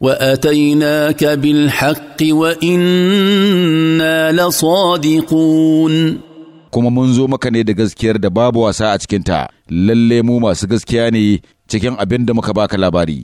واتيناك بالحق وانا لصادقون kuma mun zo maka ne da gaskiyar da babu wasa a cikinta lalle mu masu gaskiya ne cikin abin da muka baka labari